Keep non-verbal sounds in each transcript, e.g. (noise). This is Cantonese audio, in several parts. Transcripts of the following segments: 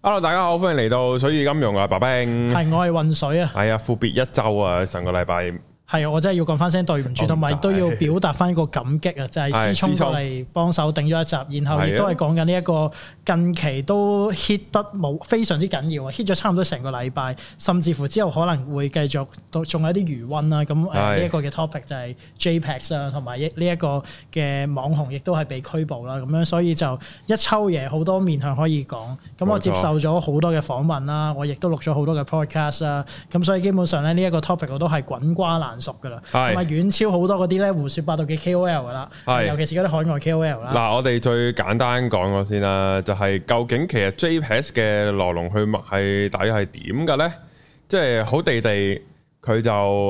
hello，大家好，歡迎嚟到水與金融啊，白兵係我係渾水啊，係啊，闊別一周啊，上個禮拜。係，我真係要講翻聲對唔住，同埋都要表達翻一個感激啊！Oh my 就係思聰過嚟幫手頂咗一集，的然後亦都係講緊呢一個近期都 hit 得冇非常之緊要啊！hit 咗差唔多成個禮拜，甚至乎之後可能會繼續都仲有啲餘溫啦。咁呢一個嘅 topic 就係 JPEX 啊，同埋呢一個嘅網紅亦都係被拘捕啦。咁樣所以就一抽嘢好多面向可以講。咁我接受咗好多嘅訪問啦，錯我亦都錄咗好多嘅 podcast 啦。咁所以基本上咧，呢一個 topic 我都係滾瓜爛。熟噶啦，係咪遠超好多嗰啲咧胡說八道嘅 KOL 噶啦，係是尤其是嗰啲海外 KOL 啦。嗱、啊，我哋最簡單講我先啦，就係、是、究竟其實 JPEX 嘅來龍去脈係大約係點嘅咧？即係、就是、好地地，佢就誒，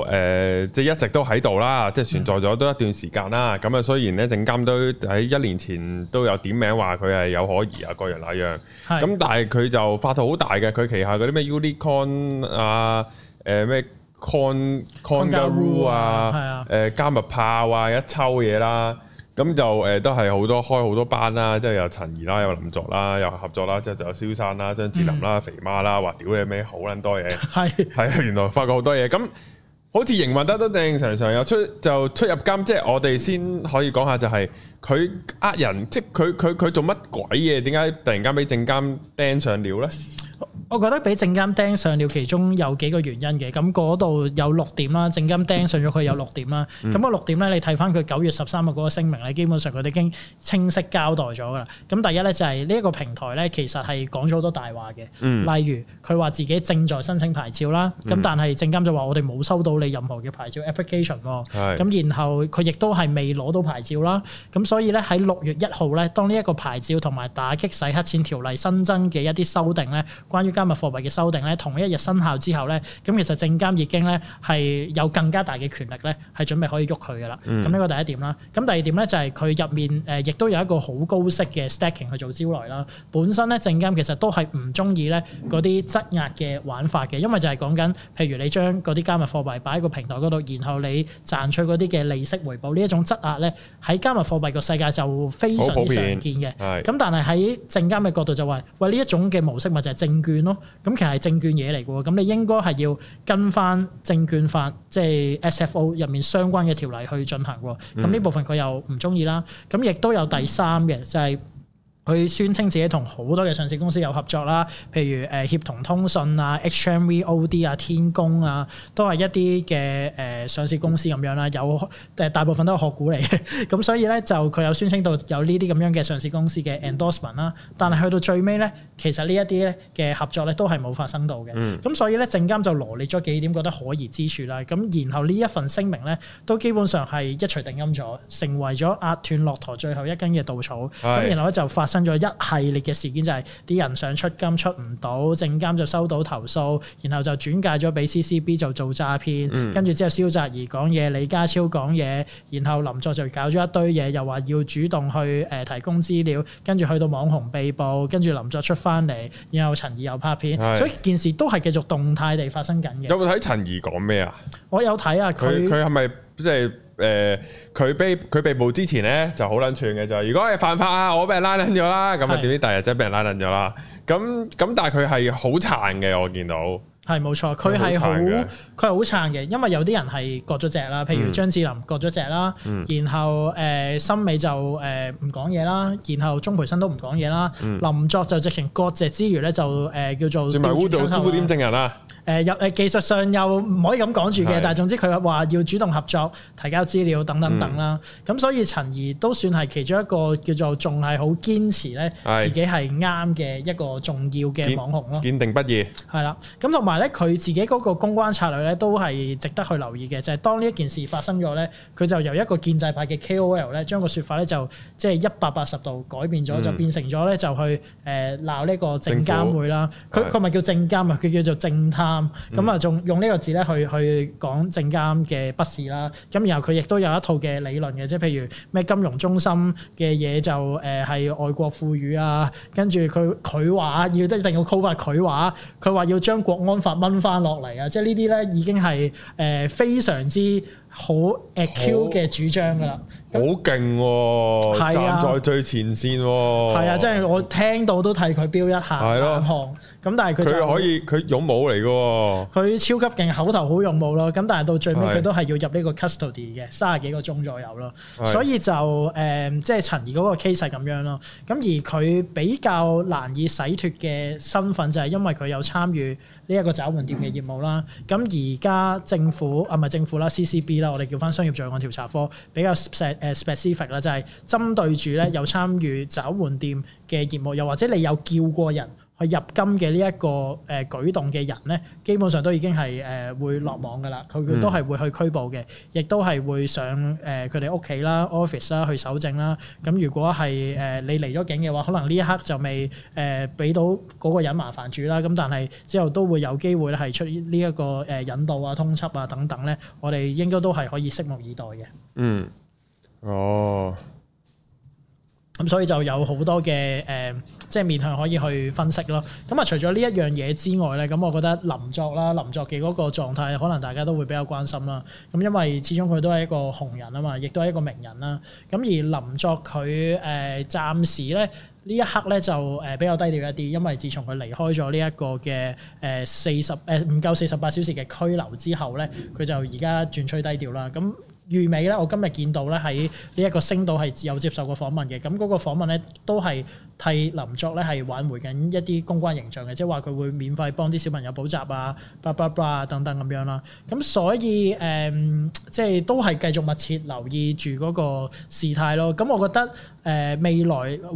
即、呃、係、就是、一直都喺度啦，即係存在咗都一段時間啦。咁啊、嗯，雖然呢，證監都喺一年前都有點名話佢係有可疑啊各樣那樣，咁是但係佢就發到好大嘅，佢旗下嗰啲咩 Unicorn 啊，誒、呃、咩？con conga r u 啊，誒加密炮啊，一抽嘢啦，咁就誒、呃、都係好多開好多班啦，即係有陳怡啦，有林作啦，有合作啦，即係仲有蕭生啦、張智霖啦、肥媽啦，話屌你咩好撚多嘢，係係是啊，原來發覺多好多嘢，咁好似營運得都正，常常有出就出入監，即係我哋先可以講下、就是，就係佢呃人，即係佢佢佢做乜鬼嘢？點解突然間俾證監釘上了呢？我覺得俾證監釘上了，其中有幾個原因嘅。咁嗰度有六點啦，證監釘上咗佢有六點啦。咁個六點咧，你睇返佢九月十三日嗰個聲明咧，基本上佢哋已經清晰交代咗噶啦。咁第一咧就係呢一個平台咧，其實係講咗好多大話嘅。嗯、例如佢話自己正在申請牌照啦，咁、嗯、但係證監就話我哋冇收到你任何嘅牌照 application 喎是。咁然後佢亦都係未攞到牌照啦。咁所以咧喺六月一號咧，當呢一個牌照同埋打擊洗黑錢條例新增嘅一啲修訂咧。關於加密貨幣嘅修訂咧，同一日生效之後咧，咁其實證監已經咧係有更加大嘅權力咧，係準備可以喐佢噶啦。咁呢個第一點啦。咁第二點咧就係佢入面誒，亦都有一個好高息嘅 staking 去做招來啦。本身咧證監其實都係唔中意咧嗰啲質押嘅玩法嘅，因為就係講緊譬如你將嗰啲加密貨幣擺喺個平台嗰度，然後你賺取嗰啲嘅利息回報呢一種質押咧，喺加密貨幣個世界就非常之常見嘅。咁但係喺證監嘅角度就話，喂呢一種嘅模式咪就係證券咯，咁其實係證券嘢嚟嘅，咁你應該係要跟翻證券法，即係 SFO 入面相關嘅條例去進行。咁呢部分佢又唔中意啦，咁亦都有第三嘅就係。佢宣稱自己同好多嘅上市公司有合作啦，譬如誒協同通信啊、H M V O D 啊、天工啊，都係一啲嘅誒上市公司咁樣啦，有誒大部分都係殼股嚟嘅，咁 (laughs) 所以咧就佢有宣稱到有呢啲咁樣嘅上市公司嘅 endorsement 啦，但係去到最尾咧，其實呢一啲咧嘅合作咧都係冇發生到嘅，咁、嗯、所以咧證監就羅列咗幾點覺得可疑之處啦，咁然後呢一份聲明咧都基本上係一錘定音咗，成為咗壓斷駱駝最後一根嘅稻草，咁是然後咧就發生。跟咗一系列嘅事件，就係啲人想出金出唔到，證監就收到投訴，然後就轉介咗俾 CCB 就做詐騙，跟住之後蕭澤頤講嘢，李家超講嘢，然後林作就搞咗一堆嘢，又話要主動去誒提供資料，跟住去到網紅被捕，跟住林作出翻嚟，然後陳怡又拍片，所以件事都係繼續動態地發生緊嘅。有冇睇陳怡講咩啊？我有睇啊，佢佢係咪即係？誒佢、呃、被佢被捕之前咧就好撚串嘅，就係如果係犯法，我俾人拉撚咗啦，咁啊點知第二日真係俾人拉撚咗啦，咁咁是但係佢係好殘嘅，我見到，係冇錯，佢係好佢係好殘嘅，因為有啲人係割咗席啦，譬如張智霖割咗席啦，然後誒森美就誒唔講嘢啦，然後鍾培生都唔講嘢啦，嗯、林作就直情割席之餘咧就誒、呃、叫做污點證人啊。誒又誒技術上又唔可以咁講住嘅，但係總之佢話要主動合作、提交資料等等等啦。咁所以陳怡都算係其中一個叫做仲係好堅持咧，自己係啱嘅一個重要嘅網紅咯。堅定不移。係啦，咁同埋咧，佢自己嗰個公關策略咧都係值得去留意嘅，就係當呢一件事發生咗咧，佢就由一個建制派嘅 KOL 咧，將個説法咧就即係一百八十度改變咗，就變成咗咧就去誒鬧呢個證監會啦。佢佢唔係叫證監啊，佢叫做證貪。咁啊，仲、嗯、用呢個字咧去去講證監嘅不是啦，咁然後佢亦都有一套嘅理論嘅，即係譬如咩金融中心嘅嘢就誒係外國賦予啊，跟住佢佢話要一定要 cover 佢話，佢話要將國安法掹翻落嚟啊，即係呢啲咧已經係誒非常之。好 a q 嘅主張噶啦，好勁喎！站在最前線喎，係啊！即係、啊、我聽到都替佢標一下眼眶。咁、啊、但係佢、就是、可以佢勇武嚟嘅喎，佢超級勁，口頭好勇武咯。咁但係到最尾佢都係要入呢個 custody 嘅，三十幾個鐘左右咯。啊、所以就誒，即、呃、係、就是、陳怡嗰個 case 係咁樣咯。咁而佢比較難以洗脫嘅身份就係因為佢有參與呢一個找換店嘅業務啦。咁而家政府啊咪政府啦，CCB。CC 我哋叫翻商業罪案調查科比較誒 specific 啦，就係針對住咧有參與找換店嘅業務，又或者你有叫過人，入金嘅呢一個誒舉動嘅人咧，基本上都已經係誒會落網噶啦，佢佢都係會去拘捕嘅，亦都係會上誒佢哋屋企啦、office 啦去搜證啦。咁如果係誒你嚟咗境嘅話，可能呢一刻就未誒俾到嗰個人麻煩住啦。咁但係之後都會有機會咧，係出呢一個誒引導啊、通緝啊等等咧，我哋應該都係可以拭目以待嘅。嗯，哦。咁、嗯、所以就有好多嘅誒、呃，即係面向可以去分析咯。咁、嗯、啊，除咗呢一樣嘢之外咧，咁、嗯、我覺得林作啦，林作嘅嗰個狀態，可能大家都會比較關心啦。咁、嗯、因為始終佢都係一個紅人啊嘛，亦都係一個名人啦。咁、嗯、而林作佢誒暫時咧呢一刻咧就誒比較低調一啲，因為自從佢離開咗呢一個嘅誒四十誒唔夠四十八小時嘅拘留之後咧，佢就而家轉趨低調啦。咁、嗯。預尾咧，我今日見到咧喺呢一個星島係有接受過訪那那個訪問嘅，咁嗰個訪問咧都係。替林作咧係挽回緊一啲公關形象嘅，即係話佢會免費幫啲小朋友補習啊、巴拉巴拉等等咁樣啦。咁所以誒，即、嗯、係、就是、都係繼續密切留意住嗰個事態咯。咁我覺得誒、呃、未來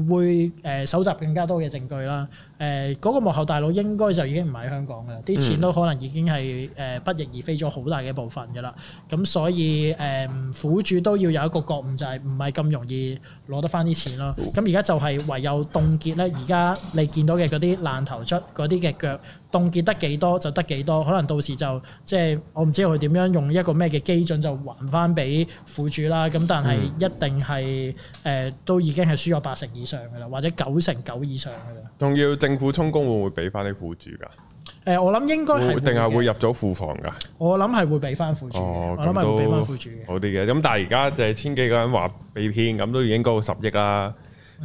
會誒搜集更加多嘅證據啦。誒、呃、嗰、那個幕後大佬應該就已經唔喺香港噶啦，啲、嗯、錢都可能已經係誒不翼而飛咗好大嘅部分噶啦。咁所以誒、嗯，苦主都要有一個覺悟，就係唔係咁容易，攞得翻啲錢咯，咁而家就係唯有凍結咧。而家你見到嘅嗰啲爛頭卒嗰啲嘅腳，凍結得幾多就得幾多，可能到時就即係我唔知佢點樣用一個咩嘅基準就還翻俾苦主啦。咁但係一定係誒、嗯呃、都已經係輸咗八成以上嘅啦，或者九成九以上嘅啦。仲要政府充公會唔會俾翻啲苦主㗎？誒、呃，我諗應該係定係會入咗庫房㗎。我諗係會俾翻戶主。哦，咁、哦、都好啲嘅。咁但係而家就係千幾個人話俾騙，咁都已經高到十億啦。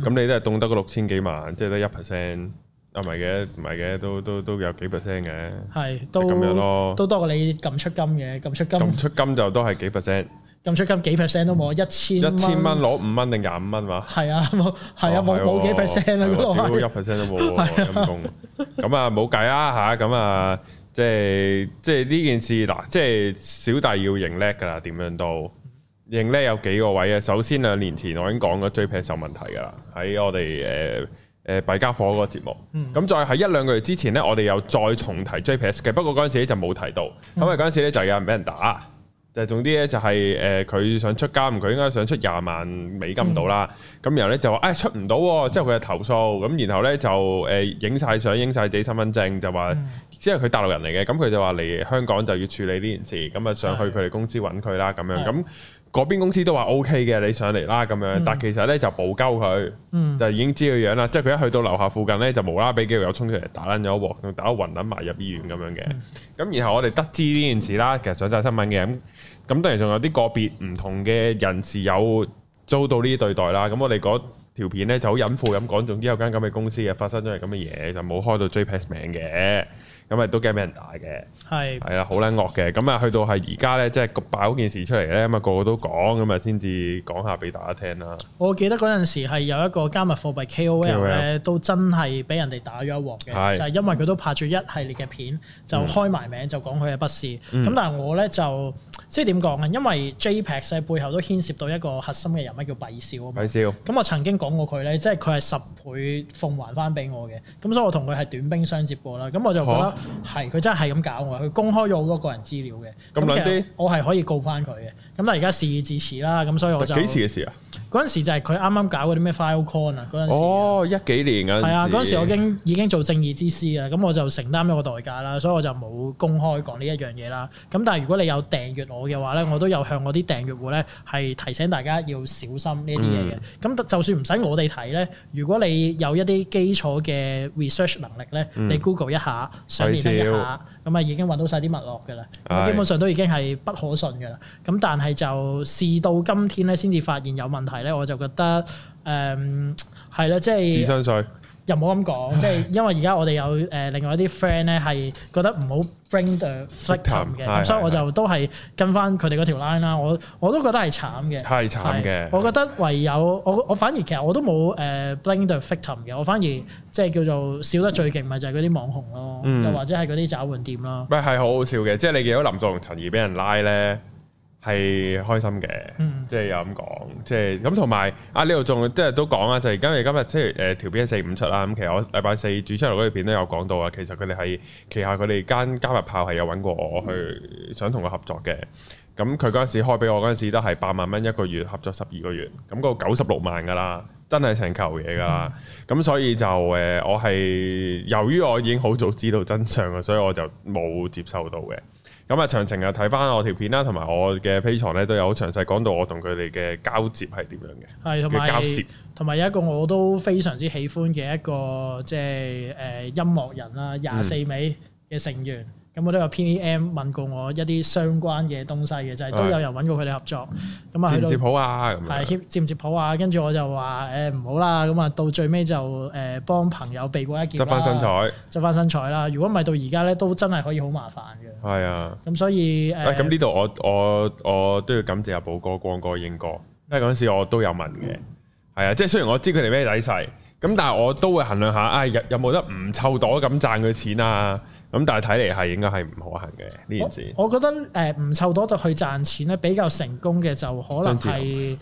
咁、嗯、你都係凍得嗰六千幾萬，即係得一 percent。啊，唔係嘅，唔係嘅，都都都有幾 percent 嘅。係，都咁樣咯，都多過你撳出金嘅，撳出金。撳出金就都係幾 percent。.咁出金幾 percent 都冇，一千蚊攞五蚊定廿五蚊嘛？係 (laughs) 啊，冇係、哦、啊，冇冇幾 percent 啊，嗰幾一 percent 都冇喎。咁 (laughs) 啊冇計啦吓。咁 (laughs) 啊，啊，啊即係即係呢件事嗱，即係小弟要認叻㗎啦，點樣都認叻有幾個位啊。首先兩年前我已經講過 JPEX 有問題㗎啦，喺我哋誒誒敗家伙嗰個節目。咁 (laughs) 再喺一兩個月之前呢，我哋又再重提 JPEX 嘅，不過嗰陣時就冇提到。咁啊嗰陣時咧就， (laughs) 就有人俾人打。就係仲啲咧，就係誒佢想出監，佢應該想出廿萬美金到啦。咁、嗯、然後咧就話誒、哎、出唔到、啊，之後佢就投訴。咁、嗯、然後咧就誒影晒相，影晒自己身份證，就話，嗯、即係佢大陸人嚟嘅，咁佢就話嚟香港就要處理呢件事，咁啊上去佢哋公司揾佢啦咁樣咁。嗰邊公司都話 O K 嘅，你上嚟啦咁樣，但其實咧就報鳩佢，就已經知佢樣啦。嗯、即係佢一去到樓下附近咧，就無啦啦俾幾個友衝出嚟打撚咗喎，打到暈撚埋入醫院咁樣嘅。咁、嗯、然後我哋得知呢件事啦，其實上晒新聞嘅咁，咁當然仲有啲個別唔同嘅人士有遭到呢啲對待啦。咁我哋嗰條片咧就好隱晦咁講，總之有間咁嘅公司啊，發生咗係咁嘅嘢，就冇開到 JPEX 名嘅。咁咪都驚俾人打嘅，係係啦，好撚惡嘅。咁啊，去到係而家咧，即係爆嗰件事出嚟咧，咁啊，個個都講，咁啊，先至講下俾大家聽啦。我記得嗰陣時係有一個加密貨幣 KOL 咧，OL 都真係俾人哋打咗一鑊嘅，的就係因為佢都拍咗一系列嘅片，就開埋名、嗯、就講佢嘅不是。咁、嗯、但係我咧就。即係點講咧？因為 JPEX 喺背後都牽涉到一個核心嘅人物叫幣少啊嘛。幣少，咁少我曾經講過佢咧，即係佢係十倍奉還翻俾我嘅，咁所以我同佢係短兵相接過啦。咁我就覺得係佢、啊、真係咁搞我，佢公開咗好多個人資料嘅。咁其實，我係可以告翻佢嘅。咁但係而家事已至此啦，咁所以我就幾時嘅事啊？嗰陣時就係佢啱啱搞嗰啲咩 Filecoin 啊，嗰陣時、啊、哦一幾年嗰陣時係啊，嗰陣時我已經已經做正義之師啊，咁我就承擔咗個代價啦，所以我就冇公開講呢一樣嘢啦。咁但係如果你有訂閱我嘅話咧，我都有向我啲訂閱戶咧係提醒大家要小心呢啲嘢嘅。咁、嗯、就算唔使我哋睇咧，如果你有一啲基礎嘅 research 能力咧，嗯、你 Google 一下，上網一下，咁啊 (laughs) 已經揾到晒啲脈絡嘅啦。啊的，基本上都已經係不可信嘅啦。咁但係就事到今天咧，先至發現有問題。係咧，我就覺得誒係啦，即係智商稅又冇咁講，即係的因為而家我哋有誒另外一啲 friend 咧，係覺得唔好 bring the victim 嘅，咁所以我就都係跟翻佢哋嗰條 line 啦。我我都覺得係慘嘅，係慘嘅。我覺得唯有我我反而其實我都冇誒 bring the victim 嘅，我反而即係叫做少得最勁咪就係嗰啲網紅咯，又、嗯、或者係嗰啲找換店咯。咪係好好笑嘅，即係你見到林作同陳怡俾人拉咧。係開心嘅，即係又咁講，即係咁同埋啊，你又仲即係都講啊。就而家你今日即係誒條片四五出啦。咁其實我禮拜四主出嚟嗰條片都有講到啊，其實佢哋係旗下佢哋間加密炮係有揾過我去，想同我合作嘅。咁佢嗰陣時開俾我嗰陣時都係八萬蚊一個月，合作十二個月，咁、嗰個九十六萬噶啦，真係成嚿嘢噶啦。咁、嗯、所以就誒、呃，我係由於我已經好早知道真相，所以我就冇接受到嘅。咁啊，詳情啊，睇返我條片啦，同埋我嘅 Patreon 呢都有好詳細講到我同佢哋嘅交接係點樣嘅，嘅交涉，同埋有一個我都非常之喜歡嘅一個即係誒音樂人啦，廿四味嘅成員。嗯咁我都有 PM 問過我一啲相關嘅東西嘅，就係、是、都有人揾過佢哋合作。咁啊、嗯，接唔接好啊？係接唔接好啊？跟住我就話誒唔好啦，咁啊到最尾就誒、欸、幫朋友避過一劫，啊。執返身彩，執返身彩啦！如果唔係到而家咧，都真係可以好麻煩嘅。係啊，咁所以誒。咁呢度我我我都要感謝阿寶哥、光哥、英哥，因為嗰陣時我都有問嘅。係啊、嗯，即係雖然我知佢哋咩底細。咁但係我都會衡量下，唉、哎，有有冇得唔湊袋咁賺佢錢啊？咁但係睇嚟係應該係唔可行嘅呢件事。我覺得誒唔湊袋就去賺錢咧，比較成功嘅就可能係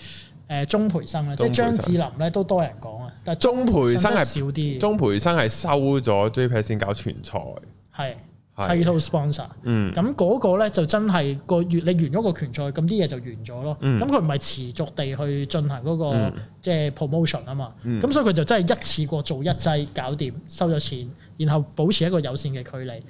誒鐘培生啦，生即係張智霖咧都多人講啊，但係鍾培生係少啲，鐘培生係收咗 JP 先搞全財，係。title sponsor，咁嗰、嗯、個咧就真係個月你完咗個拳賽，咁啲嘢就完咗咯。咁佢唔係持續地去進行嗰、嗰個即、嗯、promotion 啊嘛。咁、嗯、所以佢就真係一次過做一劑搞掂，收咗錢，然後保持一個有線嘅距離。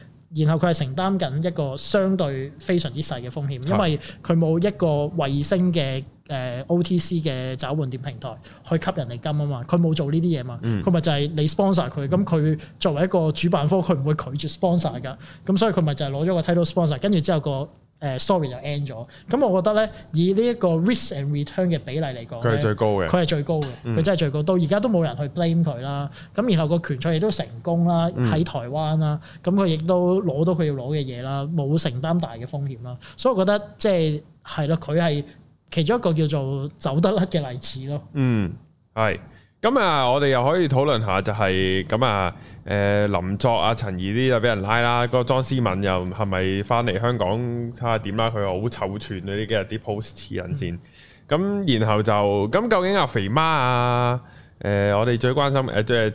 然後佢係承擔緊一個相對非常之細嘅風險，因為佢冇一個衞星嘅誒 OTC 嘅找換店平台去吸人哋金啊嘛，佢冇做呢啲嘢嘛，佢咪、嗯、就係你 sponsor 佢，咁佢作為一個主辦方，佢唔會拒絕 sponsor 噶，咁所以佢咪就係攞咗個 title sponsor，跟住之後、個。誒 sorry 就 end 咗，咁我覺得咧，以呢一個 risk and return 嘅比例嚟講，佢係最高嘅，佢係最高嘅，佢、嗯、真係最高。到而家都冇人去 blame 佢啦。咁然後個拳賽亦都成功啦，喺、嗯、台灣啦，咁佢亦都攞到佢要攞嘅嘢啦，冇承擔大嘅風險啦。所以我覺得即係係咯，佢係其中一個叫做走得甩嘅例子咯。嗯，係。咁啊，我哋又可以討論下、就是，就係咁啊，誒、呃、林作啊、陳怡啲又俾人拉啦，個莊思敏又係咪翻嚟香港睇下點啦？佢好臭串啊！呢幾日啲 post 黐人線，咁、嗯、然後就咁究竟阿、啊、肥媽啊，誒、呃、我哋最關心誒、呃、最。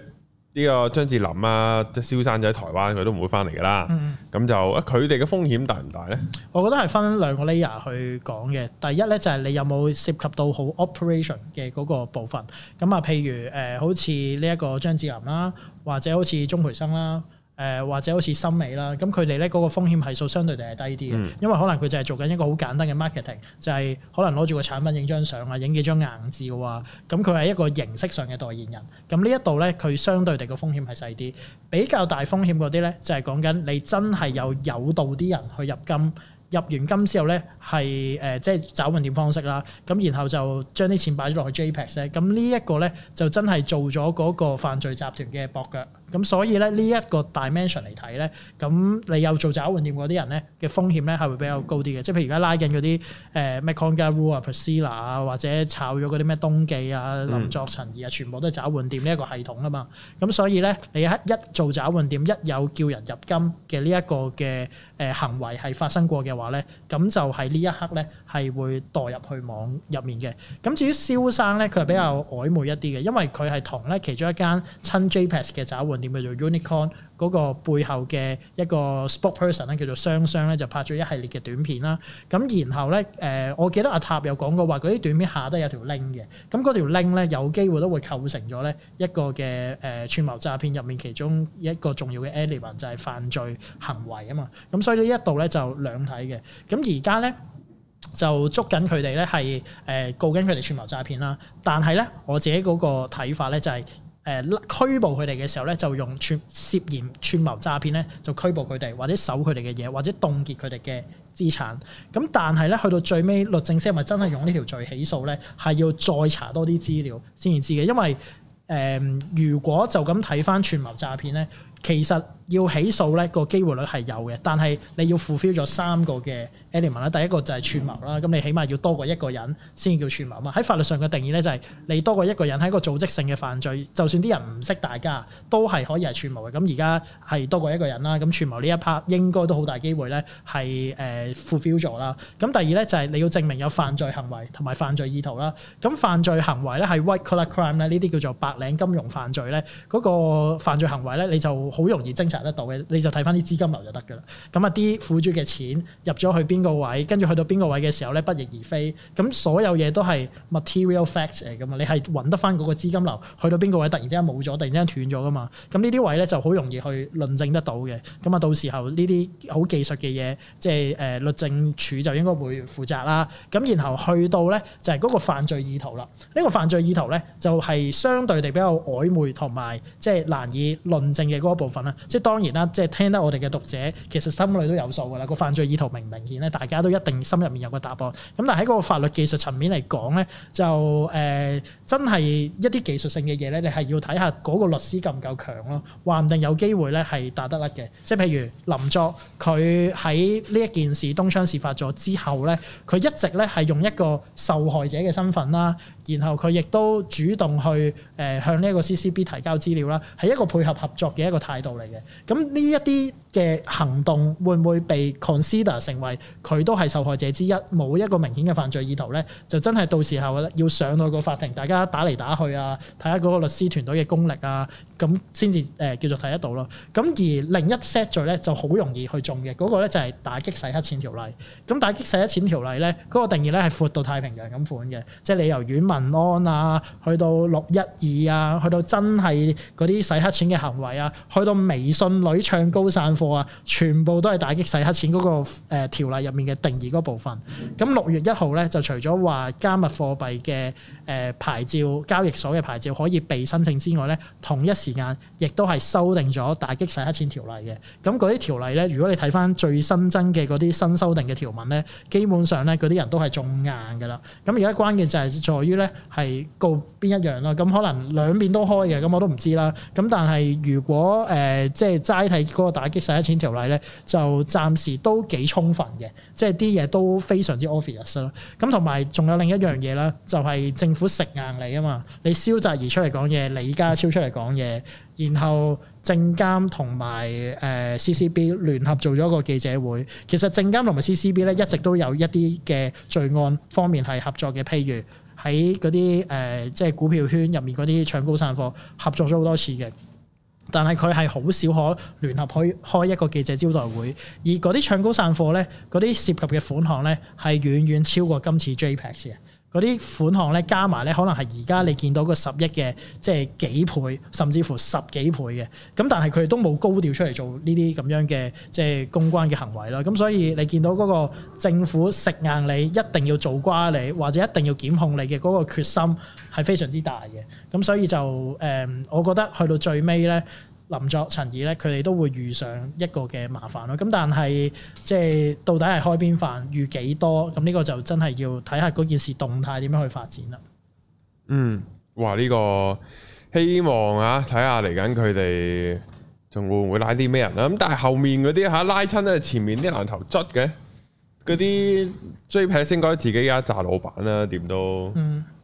呢個張智霖啊，即係蕭生仔喺台灣，佢都唔會翻嚟噶啦。咁、嗯、就啊，佢哋嘅風險大唔大咧？我覺得係分兩個 layer 去講嘅。第一咧就係、是、你有冇涉及到好 operation 嘅嗰個部分。咁啊，譬如誒、呃，好似呢一個張智霖啦、啊，或者好似鍾培生啦、啊。誒、呃、或者好似森美啦，咁佢哋咧，嗰個風險係數相對地係低啲嘅。嗯、因為可能佢就係做緊一個好簡單嘅 marketing，就係、是、可能攞住個產品影張相啊，影幾張硬照啊，咁佢係一個形式上嘅代言人，咁呢一度咧，佢相對地個風險係細啲，比較大風險嗰啲咧，就係講緊你真係有誘導啲人去入金。入完金之後咧，係誒即係找換店方式啦。咁然後就將啲錢擺咗落去 JPEX 咧。咁呢一個咧，就真係做咗嗰個犯罪集團嘅駁腳。咁所以咧，呢一個 dimension 嚟睇咧，咁你有做找換店嗰啲人咧嘅風險咧，係會比較高啲嘅。即係譬如而家拉緊嗰啲誒咩 Conrad、Ruler、Priscilla 啊，或者炒咗嗰啲咩冬記啊、林作陳怡啊，全部都係找換店呢一個系統啊嘛。咁所以咧，你一做找換店，一有叫人入金嘅呢一個嘅。誒行為係發生過嘅話咧，咁就喺呢一刻咧係會墮入去網入面嘅。咁至於蕭生咧，佢係比較曖昧一啲嘅，因為佢係同咧其中一間親 JPEX 嘅找換店叫做 Unicorn。嗰個背後嘅一個 spokesperson 咧，叫做雙雙咧，就拍咗一系列嘅短片啦。咁然後咧，誒、呃，我記得阿塔有講過話，嗰啲短片下都有條 link 嘅。咁嗰條 link 咧，有機會都會構成咗咧一個嘅誒、呃、串謀詐騙入面其中一個重要嘅 element 就係犯罪行為啊嘛。咁所以呢一度咧就兩睇嘅。咁而家咧就捉緊佢哋咧係誒告緊佢哋串謀詐騙啦。但係咧我自己嗰個睇法咧就係、是。誒、呃、拘捕佢哋嘅時候咧，就用串涉嫌串謀詐騙咧，就拘捕佢哋，或者搜佢哋嘅嘢，或者凍結佢哋嘅資產。咁但係咧，去到最尾律政司係咪真係用呢條罪起訴咧，係要再查多啲資料先至知嘅。因為誒、呃，如果就咁睇翻串謀詐騙咧，其實。要起訴咧，個機會率係有嘅，但係你要 fulfil 咗三個嘅 element 啦。第一個就係串謀啦，咁你起碼要多過一個人先叫串謀啊嘛。喺法律上嘅定義咧就係你多過一個人係一個組織性嘅犯罪，就算啲人唔識大家都係可以係串謀嘅。咁而家係多過一個人啦，咁串謀呢一 part 應該都好大機會咧係誒 fulfil 咗啦。咁、呃、第二咧就係你要證明有犯罪行為同埋犯罪意圖啦。咁犯罪行為咧係 white collar crime 咧，呢啲叫做白領金融犯罪咧，個犯罪行為咧你就好容易偵查得到嘅，你就睇翻啲資金流就得㗎啦。咁啊，啲苦主嘅錢入咗去邊個位，跟住去到邊個位嘅時候咧，不翼而飛。咁所有嘢都係 material facts 嚟㗎嘛。你係揾得翻嗰個資金流去到邊個位突，突然之間冇咗，突然之間斷咗㗎嘛。咁呢啲位咧就好容易去論證得到嘅。咁啊，到時候呢啲好技術嘅嘢，即係誒、呃、律政署就應該會負責啦。咁然後去到咧就係、是、嗰個犯罪意圖啦。呢、這個犯罪意圖咧就係相對地比較曖昧同埋即係難以論證嘅嗰部分啦。即當然啦，即係聽得我哋嘅讀者，其實心裏都有數㗎啦。個犯罪意圖明唔明顯咧？大家都一定心入面有個答案。咁但係喺個法律技術層面嚟講咧，就誒、呃、真係一啲技術性嘅嘢咧，你係要睇下嗰個律師夠唔夠強咯。話唔定有機會咧係打得甩嘅。即係譬如林作，佢喺呢一件事東窗事發咗之後咧，佢一直咧係用一個受害者嘅身份啦，然後佢亦都主動去誒、呃、向呢一個 CCB 提交資料啦，係一個配合合作嘅一個態度嚟嘅。咁呢一啲嘅行動會唔會被 consider 成為佢都係受害者之一？冇一個明顯嘅犯罪意圖咧，就真係到時候咧要上到個法庭，大家打嚟打去啊，睇下嗰個律師團隊嘅功力啊！咁先至誒叫做睇得到咯。咁而另一 set 罪咧就好容易去中嘅，嗰個咧就係打擊洗黑錢條例。咁打擊洗黑錢條例咧，嗰個定義咧係闊到太平洋咁款嘅，即係你由縣民安啊，去到六一二啊，去到真係嗰啲洗黑錢嘅行為啊，去到微信女唱高散貨啊，全部都係打擊洗黑錢嗰、嗰個誒、呃、條例入面嘅定義部分。咁六月一號咧，就除咗話加密貨幣嘅誒牌照交易所嘅牌照可以被申請之外咧，同一時。時間亦都係修訂咗打擊洗黑錢條例嘅，咁嗰啲條例咧，如果你睇翻最新增嘅嗰啲新修訂嘅條文咧，基本上咧佢啲人都係中硬嘅啦。咁而家關鍵就係在於咧係告邊一樣啦。咁可能兩邊都開嘅，咁我都唔知啦。咁但係如果誒即係齋睇嗰個打擊洗黑錢條例咧，就暫時都幾充分嘅，即係啲嘢都非常之 obvious 咯。咁同埋仲有另一樣嘢啦，就係、是、政府食硬你啊嘛，你蕭澤頤出嚟講嘢，李家超出嚟講嘢。然後證監同埋誒 CCB 聯合做咗個記者會，其實證監同埋 CCB 咧一直都有一啲嘅罪案方面係合作嘅，譬如喺嗰啲誒即係股票圈入面嗰啲唱高散貨合作咗好多次嘅，但係佢係好少可聯合去開一個記者招待會，而嗰啲唱高散貨咧嗰啲涉及嘅款項咧係遠遠超過今次 JPEX 嘅。嗰啲款項咧加埋咧，可能係而家你見到個十億嘅，即係幾倍，甚至乎十幾倍嘅。咁但係佢哋都冇高調出嚟做呢啲咁樣嘅即係公關嘅行為啦。咁所以你見到嗰個政府食硬你，一定要做瓜你，或者一定要檢控你嘅嗰個決心係非常之大嘅。咁所以就誒，我覺得去到最尾咧。林作陳怡咧，佢哋都會遇上一個嘅麻煩咯。咁但係，即係到底係開邊飯，遇幾多？咁呢個就真係要睇下嗰件事動態點樣去發展啦。嗯，哇！呢、呢個希望啊，睇下嚟緊佢哋仲會唔會拉啲咩人啦、啊。咁但係後面嗰啲嚇拉親咧，前面啲爛頭卒嘅。嗰啲 JPEX 應該自己一家扎老闆啦，點都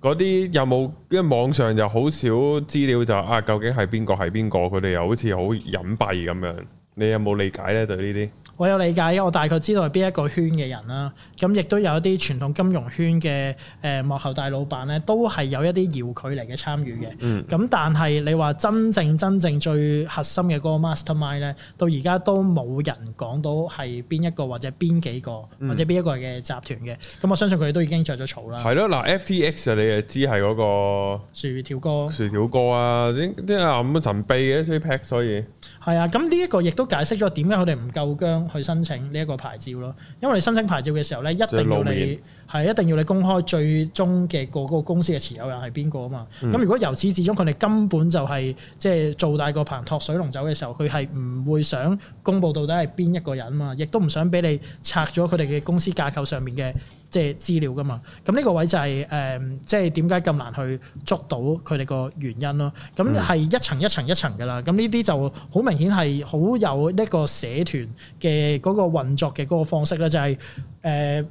嗰啲、嗯、有冇？因為網上又好少資料就是、啊，究竟係邊個，係邊個，佢哋又好似好隱蔽咁樣。你有冇理解咧？對呢啲？我有理解，我大概知道係邊一個圈嘅人啦。咁亦都有一啲傳統金融圈嘅誒幕後大老闆咧，都係有一啲遙距離嘅參與嘅。咁、嗯、但係你話真正真正最核心嘅嗰個 mastermind 咧，到而家都冇人講到係邊一個或者邊幾個或者邊一個嘅集團嘅。咁、嗯、我相信佢哋都已經着咗草啦。係咯、啊，嗱，FTX 你誒知係嗰、嗰個薯條哥。薯條哥啊，啲啲咁神秘嘅，所 pack 所以。係啊，咁呢一個亦都解釋咗點解佢哋唔夠姜去申請呢一個牌照咯，因為你申請牌照嘅時候咧，一定要你係一定要你公開最終嘅個個公司嘅持有人係邊個啊嘛，咁、嗯、如果由始至終佢哋根本就係即係做大個棚托水龍走嘅時候，佢係唔會想公布到底係邊一個人啊嘛，亦都唔想俾你拆咗佢哋嘅公司架構上面嘅。即係資料㗎嘛，咁呢個位就係、是、誒，即係點解咁難去捉到佢哋個原因咯。咁係一層一層一層㗎啦，咁呢啲就好明顯係好有呢個社團嘅嗰個運作嘅嗰個方式咧，就係、是、誒。呃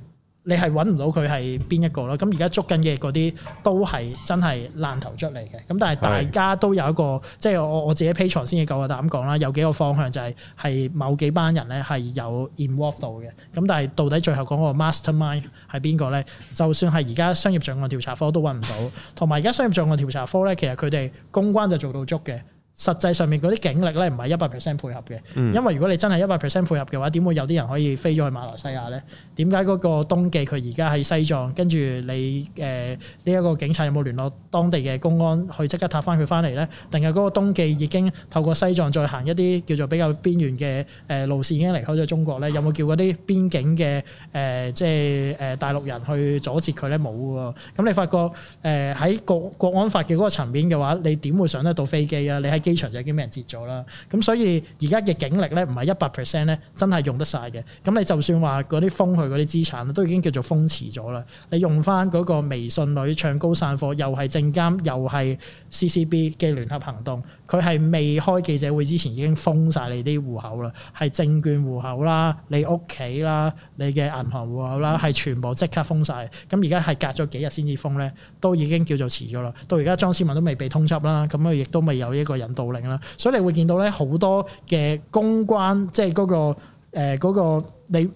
你係揾唔到佢係邊一個咯？咁而家捉緊嘅嗰啲都係真係爛頭卒嚟嘅。咁但係大家都有一個，是即係我我自己 Patreon 先至夠嘅膽講啦。有幾個方向就係係某幾班人呢係有 involved 到嘅。咁但係到底最後講個 mastermind 係邊個呢？就算係而家商業罪案調查科都揾唔到，同埋而家商業罪案調查科呢，其實佢哋公關就做到足嘅。實際上面嗰啲警力咧，唔係一百 percent 配合嘅，因為如果你真係一百 percent 配合嘅話，點會有啲人可以飛咗去馬來西亞咧？點解嗰個冬季佢而家喺西藏，跟住你誒呢一個警察有冇聯絡當地嘅公安去即刻塔翻佢翻嚟咧？定係嗰個冬季已經透過西藏再行一啲叫做比較邊緣嘅誒路線，已經離開咗中國咧？有冇叫嗰啲邊境嘅誒、呃、即係誒大陸人去阻截佢咧？冇喎。咁你發覺誒喺國國安法嘅嗰個層面嘅話，你點會上得到飛機啊？你係？機場就已經俾人截咗啦，咁所以而家嘅警力咧，唔係一百 percent 咧，真係用得晒嘅。咁你就算話嗰啲封佢嗰啲資產都已經叫做封遲咗啦。你用翻嗰個微信女唱高散貨，又係證監，又係 CCB 嘅聯合行動，佢係未開記者會之前已經封晒你啲戶口啦，係證券戶口啦，你屋企啦，你嘅銀行戶口啦，係、嗯、全部即刻封晒。咁而家係隔咗幾日先至封咧，都已經叫做遲咗啦。到而家莊思文都未被通緝啦，咁啊亦都未有一個人。道理啦，所以你會見到咧好多嘅公關，即係嗰個誒，呃嗰個你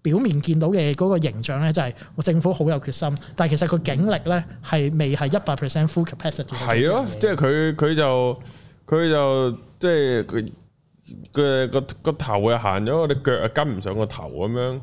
表面見到嘅嗰個形象咧，就係政府好有決心，但係其實佢警力咧係未係一百 percent full capacity，啊。係咯，即係佢佢就佢就即係佢佢個個頭啊行咗，啲腳啊跟唔上個頭咁樣。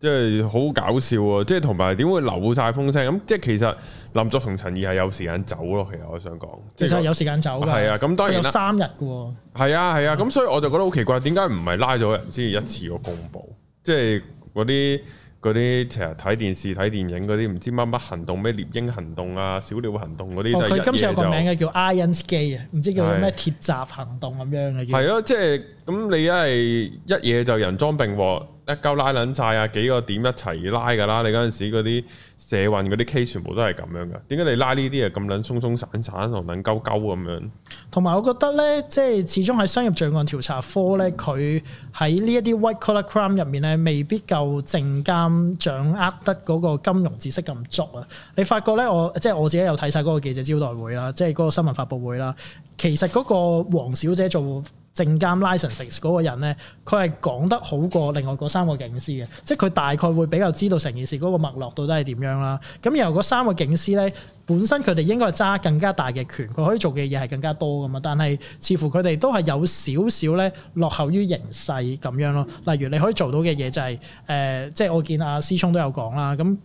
即係好搞笑啊，即係同埋點會流晒風聲咁？即係其實林作同陳怡係有時間走咯。其實我想講，就是、其實有時間走嘅係啊。咁當然有三日嘅喎。係啊係啊！咁、啊嗯、所以我就覺得好奇怪，點解唔係拉咗人先一次過公佈？即係嗰啲嗰啲，其實睇電視睇電影嗰啲，唔知乜乜行動咩？獵鷹行動啊，小鳥行動嗰啲。佢今、哦、次有個名嘅叫，叫 Ironski 啊，唔知叫咩鐵閘行動咁樣嘅。係咯、啊，即係咁你一係一嘢就人贓並獲。 s s 一鳩拉撚晒啊！幾個點一齊拉嘅啦，你嗰陣時嗰啲社運嗰啲 case 全部都係咁樣嘅。點解你拉呢啲啊咁撚鬆鬆散散同撚鳩鳩咁樣？同埋我覺得咧，即係始終喺商業罪案調查科咧，佢喺呢一啲 white collar crime 入面咧，未必夠證監掌握得嗰個金融知識咁足啊！你發覺咧，我即係、就是、我自己有睇晒嗰個記者招待會啦，即係嗰個新聞發佈會啦，其實嗰個黃小姐做。證監 license 嗰個人咧，佢係講得好過另外嗰三個警司嘅，即係佢大概會比較知道成件事嗰個脈絡到底係點樣啦。咁由嗰三個警司咧，本身佢哋應該係揸更加大嘅權，佢可以做嘅嘢係更加多噶嘛。但係似乎佢哋都係有少少咧，落後於形勢咁樣咯。例如你可以做到嘅嘢就係、是、誒、呃，即係我見阿思聰都有講啦。咁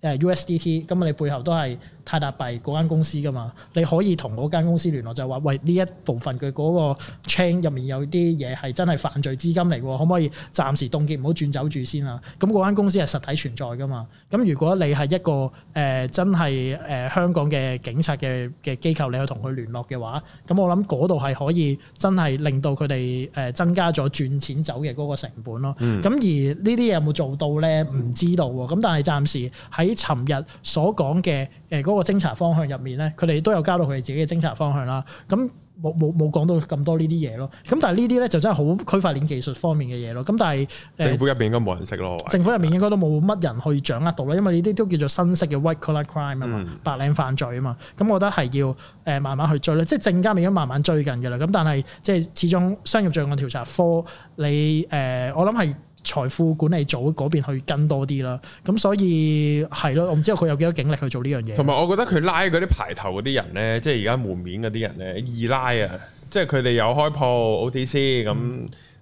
誒 USDT，咁你背後都係。泰達幣嗰間公司㗎嘛，你可以同嗰間公司聯絡，就係話喂呢一部分嘅嗰個 chain 入面有啲嘢係真係犯罪資金嚟喎，可唔可以暫時凍結唔好轉走住先啊？咁嗰間公司係實體存在㗎嘛？咁如果你係一個誒、呃、真係誒、呃、香港嘅警察嘅嘅機構，你去同佢聯絡嘅話，咁我諗嗰度係可以真係令到佢哋誒增加咗轉錢走嘅嗰個成本咯。咁、嗯、而呢啲嘢有冇做到咧？唔知道喎。咁但係暫時喺尋日所講嘅誒嗰，個偵查方向入面咧，佢哋都有交到佢哋自己嘅偵查方向啦。咁冇冇冇講到咁多呢啲嘢咯？咁但係呢啲咧就真係好區塊鏈技術方面嘅嘢咯。咁但係政府入邊應該冇人識咯。呃、政府入邊應該都冇乜人去掌握到啦，因為呢啲都叫做新式嘅 white collar crime 啊嘛，ime, 嗯、白領犯罪啊嘛。咁我覺得係要誒慢慢去追咧，即係政家已經慢慢追緊噶啦。咁但係即係始終商業罪案調查科，你誒、呃、我諗係。財富管理組嗰邊去跟多啲啦，咁所以係咯，我唔知道佢有幾多警力去做呢樣嘢。同埋我覺得佢拉嗰啲排頭嗰啲人咧，即係而家門面嗰啲人咧，易拉啊，即係佢哋有開鋪 OTC，咁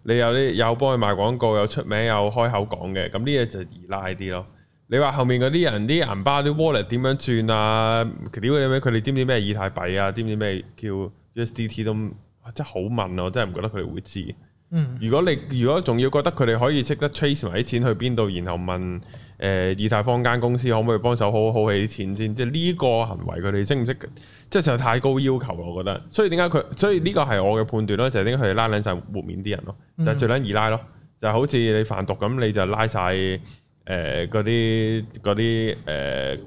你有啲有幫佢賣廣告，有出名，有開口講嘅，咁呢嘢就易拉啲咯。你話後面嗰啲人啲銀包啲 wallet 點樣轉啊？屌你咩？佢哋知唔知咩以太幣啊？知唔知咩叫 USDT 都即係好問啊！我真係唔覺得佢哋會知。嗯，如果你如果仲要覺得佢哋可以識得 trace 埋啲錢去邊度，然後問誒以太坊間公司可唔可以幫手好好起啲錢先，即係呢個行為佢哋識唔識？即係實在太高要求咯，我覺得。所以點解佢？所以呢個係我嘅判斷咯，就係點解佢哋拉緊就活面啲人咯，就是、最撚易拉咯，嗯、就好似你販毒咁，你就拉晒誒嗰啲啲誒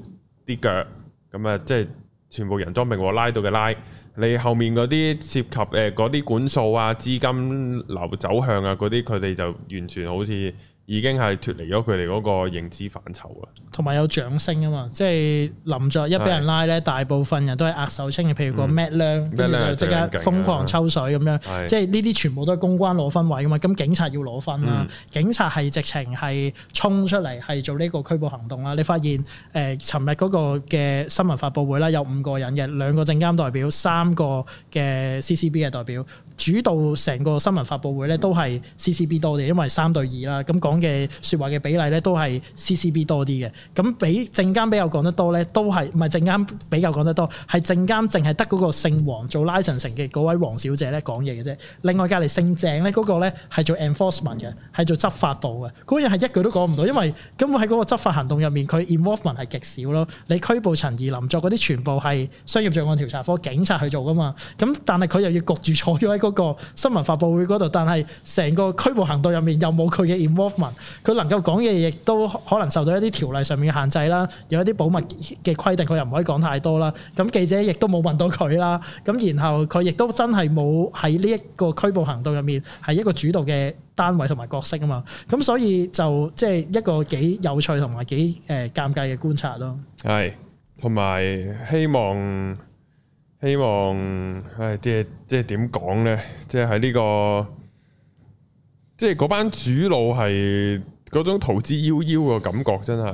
啲腳，咁啊，即係全部人裝病喎，拉到嘅拉。你後面嗰啲涉及誒嗰啲管數啊、資金流走向啊，嗰啲，佢哋就完全好似，已經係脫離咗佢哋嗰個認知範疇啦，同埋有掌聲啊嘛，即係林作一俾人拉咧，是大部分人都係握手稱嘅，譬如個麥亮、嗯，跟住就即刻瘋狂抽水咁樣，即係呢啲全部都係公關攞分位啊嘛，咁是警察要攞分啦、啊，嗯、警察係直情係衝出嚟係做呢個拘捕行動啦、啊。你發現誒，尋日嗰個嘅新聞發佈會啦，有五個人嘅，兩個證監代表，三個嘅 CCB 嘅代表。主導成個新聞發佈會咧，都係 CCB 多嘅，因為三對二啦，咁講嘅説話嘅比例咧，都係 CCB 多啲嘅。咁比證監比較講得多咧，都係唔係證監比較講得多，係證監淨係得嗰個姓王做 licensing 嘅嗰位王小姐咧講嘢嘅啫。另外隔離姓鄭咧，嗰個咧係做 enforcement 嘅，係做執法部嘅，嗰樣係一句都講唔到，因為根本喺嗰個執法行動入面，佢 involvement 係極少咯。你拘捕陳怡林作嗰啲全部係商業罪案調查科警察去做噶嘛？咁但係佢又要焗住坐咗喺、嗰個。嗰個新聞發佈會嗰度，但係成個拘捕行動入面又冇佢嘅 involvement，佢能夠講嘅嘢亦都可能受到一啲條例上面嘅限制啦，有一啲保密嘅規定，佢又唔可以講太多啦。咁記者亦都冇問到佢啦。咁然後佢亦都真係冇喺呢一個拘捕行動入面係一個主導嘅單位同埋角色啊嘛。咁所以就即係一個幾有趣同埋幾誒尷尬嘅觀察咯。係，同埋希望。希望，唉，即係即係點講咧？即係喺呢、這個，即係嗰班主腦係嗰種逃之夭夭嘅感覺，真係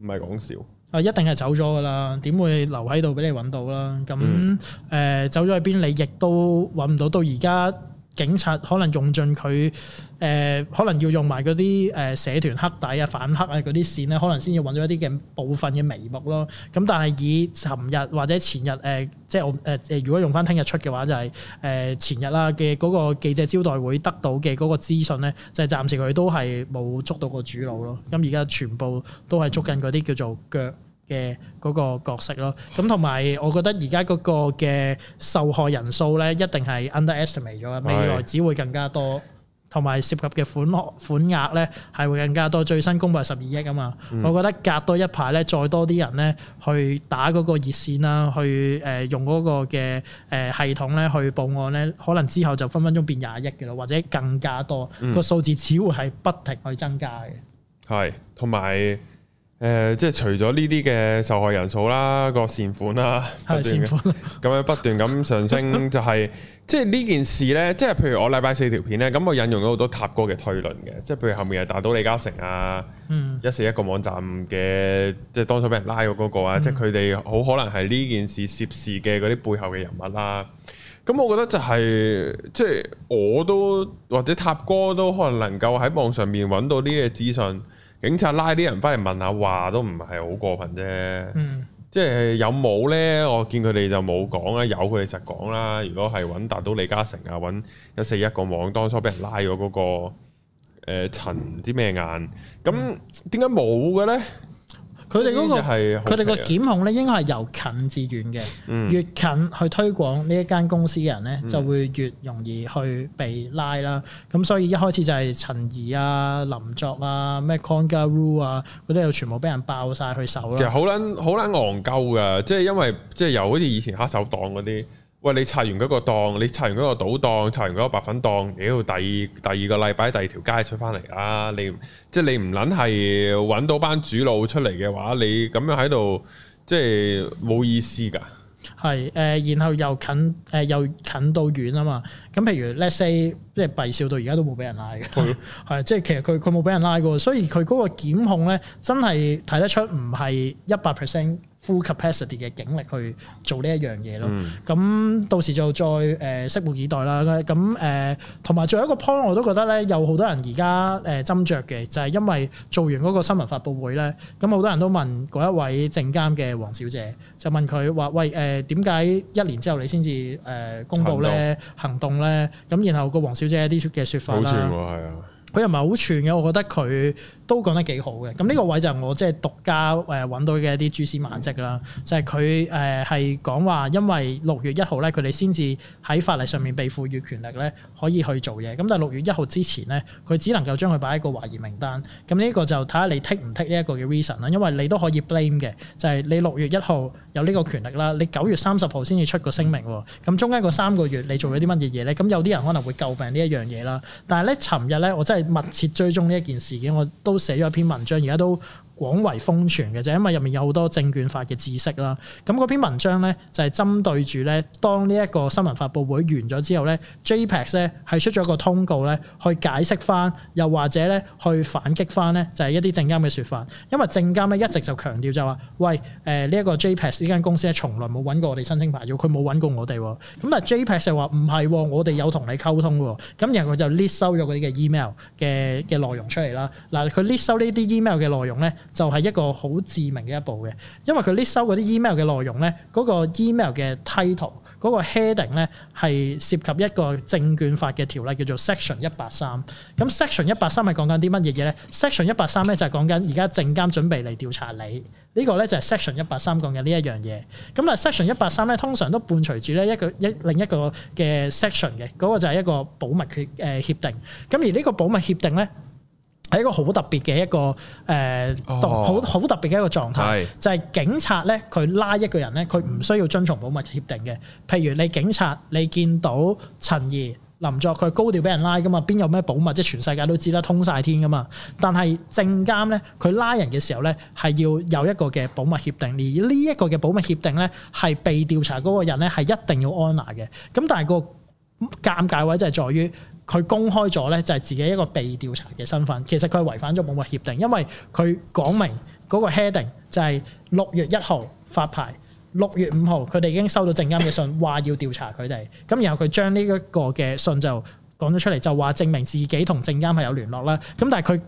唔係講笑。啊，一定係走咗㗎喇，點會留喺度俾你搵到啦？咁誒、嗯呃，走咗去邊，你亦都搵唔到，到，到而家。警察可能用盡佢誒、呃，可能要用埋嗰啲誒社團黑底啊、反黑啊嗰啲線咧，可能先要搵到一啲嘅部分嘅眉目咯。咁但係以尋日或者前日誒、呃，即係我誒誒、呃，如果用返聽日出嘅話，就係、是、誒、呃、前日啦嘅嗰個記者招待會得到嘅嗰個資訊咧，就係、是、暫時佢都係冇捉到個主腦咯。咁而家全部都係捉緊嗰啲叫做腳嘅嗰個角色咯，咁同埋我覺得而家嗰個嘅受害人數咧，一定係 underestimate 咗，未來只會更加多，同埋是涉及嘅款款額咧係會更加多。最新公布係十二億啊嘛，嗯、我覺得隔多一排咧，再多啲人咧去打嗰個熱線啦，去誒用嗰個嘅誒系統咧去報案咧，可能之後就分分鐘變廿億嘅咯，或者更加多、嗯、個數字，似乎係不停去增加嘅。係，同埋。誒、呃，即係除咗呢啲嘅受害人數啦，個善款啦，啊，善款咁樣不斷咁上升，就係、是、即係呢件事呢，即係譬如我禮拜四條片呢，咁我引用咗好多塔哥嘅推論嘅，即係譬如後面又打到李嘉誠啊，嗯、一四一個網站嘅，即係當初俾人拉咗嗰個啊，嗯、即係佢哋好可能係呢件事涉事嘅嗰啲背後嘅人物啦，啊。咁我覺得就係、是，即係我都或者塔哥都可能能夠喺網上面揾到呢啲嘅資訊。警察拉啲人翻嚟問下話都唔係好過分啫，嗯、即係有冇呢？我見佢哋就冇講啦，有佢哋實講啦。如果係揾達到李嘉誠啊，揾一四一個網，當初俾人拉咗嗰個誒、呃、陳啲咩眼，咁點解冇嘅呢？佢哋嗰個，佢哋個檢控咧應該係由近至遠嘅，嗯、越近去推廣呢一間公司嘅人咧，就會越容易去被拉啦。咁、嗯、所以一開始就係陳怡啊、林作啊、咩 Kongaroo 啊嗰啲，又全部俾人爆晒去手啦。其實好撚好撚戇鳩㗎，即係因為即係由好似以前黑手黨嗰啲。喂，你拆完嗰個檔，你拆完嗰個賭檔，拆完嗰個白粉檔，屌、哎、第二第二個禮拜第二條街出翻嚟啊。你即係你唔撚係揾到班主路出嚟嘅話，你咁樣喺度即係冇意思噶。係誒、呃，然後又近誒、呃，又近到遠啊嘛。咁譬如 let's say 即係閉少到而家都冇俾人拉嘅，係 (laughs) 即係其實佢佢冇俾人拉過，所以佢嗰個檢控咧真係睇得出唔係一百 percent。full capacity 嘅警力去做呢一樣嘢咯，咁、嗯、到時就再誒拭目以待啦。咁誒同埋仲有一個 point，我都覺得咧有好多人而家誒斟酌嘅，就係、是、因為做完嗰個新聞發佈會咧，咁好多人都問嗰一位證監嘅黃小姐，就問佢話喂，誒點解一年之後你先至誒公佈咧行動咧？咁動然後個黃小姐啲嘅説法啦。好佢又唔係好串嘅，我覺得佢都講得幾好嘅。咁呢個位就係我即係獨家誒揾、呃、到嘅一啲蛛絲馬跡啦。就係佢誒係講話，呃、因為六月一號咧，佢哋先至喺法例上面被賦予權力咧，可以去做嘢。咁但係六月一號之前咧，佢只能夠將佢擺喺個懷疑名單。咁呢個就睇下你剔唔剔呢一個嘅 reason 啦。因為你都可以 blame 嘅，就係、是、你六月一號有呢個權力啦。你九月三十號先至出個聲明喎。咁中間個三個月你做咗啲乜嘢嘢咧？咁有啲人可能會詬病呢一樣嘢啦。但係咧，尋日咧，我真係。密切追蹤呢一件事件，我都寫咗一篇文章，而家都。廣為瘋傳嘅啫，因為入面有好多證券法嘅知識啦。咁嗰篇文章咧就係、是、針對住咧，當呢一個新聞發佈會完咗之後咧，JPEX 咧係出咗個通告咧，去解釋翻，又或者咧去反擊翻咧，就係、是、一啲證監嘅説法。因為證監咧一直就強調就話，喂，誒呢一個 JPEX 呢間公司咧，從來冇揾過我哋申請牌照，佢冇揾過我哋。咁但 JPEX 就話唔係，我哋有同你溝通。咁然後佢就 list 收咗嗰啲嘅 email 嘅嘅內容出嚟啦。嗱，佢 list 收呢啲 email 嘅內容咧。就係一個好致命嘅一步嘅，因為佢呢收嗰啲 email 嘅內容咧，嗰個 email 嘅 title，嗰個 heading 咧係涉及一個證券法嘅條例叫做 section 一八三。咁 section 一八三係講緊啲乜嘢嘢咧？section 一八三咧就係講緊而家證監準備嚟調查你，呢個咧就係 section 一八三講嘅呢一樣嘢。咁啦，section 一八三咧通常都伴隨住咧一個一另一個嘅 section 嘅，嗰個就係一個保密嘅誒協定。咁而呢個保密協定咧，係一個好特別嘅一個誒，好、呃、好、oh. 特別嘅一個狀態，oh. 就係警察咧，佢拉一個人咧，佢唔需要遵從保密協定嘅。譬如你警察，你見到陳怡、林作，佢高調俾人拉噶嘛，邊有咩保密？即係全世界都知啦，通晒天噶嘛。但係證監咧，佢拉人嘅時候咧，係要有一個嘅保密協定，而呢一個嘅保密協定咧，係被調查嗰個人咧係一定要安拿嘅。咁但係個尷尬位就係在於。佢公開咗咧，就係自己一個被調查嘅身份。其實佢違反咗保密協定，因為佢講明嗰個 heading 就係六月一號發牌，六月五號佢哋已經收到證監嘅信，話要調查佢哋。咁然後佢將呢一個嘅信就講咗出嚟，就話證明自己同證監係有聯絡啦。咁但係佢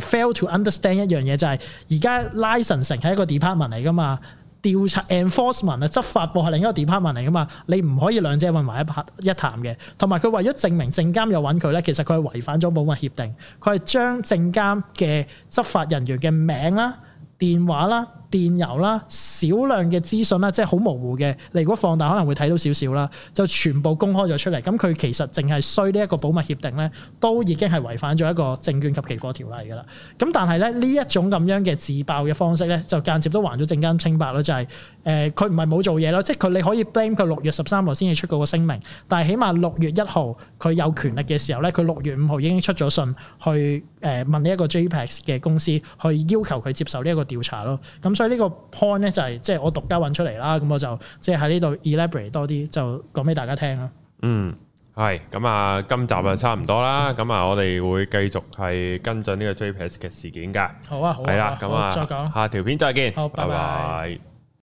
誒 fail to understand 一樣嘢，就係而家 license 係一個 department 嚟㗎嘛。調查 enforcement 啊，en 執法部係另一個 department 嚟噶嘛，你唔可以兩者混埋一拍一談嘅。同埋佢為咗證明證監又揾佢呢，其實佢係違反咗保密協定，佢係將證監嘅執法人員嘅名啦、電話啦。電郵啦，少量嘅資訊啦，即係好模糊嘅。你如果放大可能會睇到少少啦，就全部公開咗出嚟。咁佢其實淨係衰呢一個保密協定咧，都已經係違反咗一個證券及期貨條例㗎啦。咁但係咧呢一種咁樣嘅自爆嘅方式咧，就間接都還咗證監清白咯。就係、是、誒，佢唔係冇做嘢咯，即係佢你可以 blame 佢六月十三號先至出嗰個聲明，但係起碼六月一號佢有權力嘅時候咧，佢六月五號已經出咗信去誒問呢一個 JPEX 嘅公司，去要求佢接受呢一個調查咯。咁所以所以呢個 point 咧就係即係我獨家揾出嚟啦，咁我就即係喺呢度 elaborate 多啲，就講俾大家聽啦。嗯，係，咁啊，今集啊差唔多啦，咁啊，我哋會繼續係跟進呢個 JPEX 嘅事件噶，啊。好啊，好係啦，咁啊，好再講下條片再見，好拜拜。拜拜。